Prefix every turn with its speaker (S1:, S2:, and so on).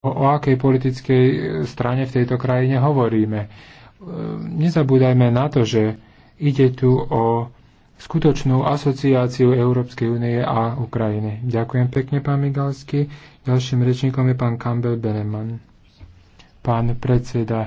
S1: o akej politickej e, strane v tejto krajine hovoríme. E, nezabúdajme na to, že ide tu o skutočnú asociáciu Európskej únie a Ukrajiny. Ďakujem pekne, pán Migalsky. Ďalším rečníkom je pán Campbell Beneman. Pán predseda.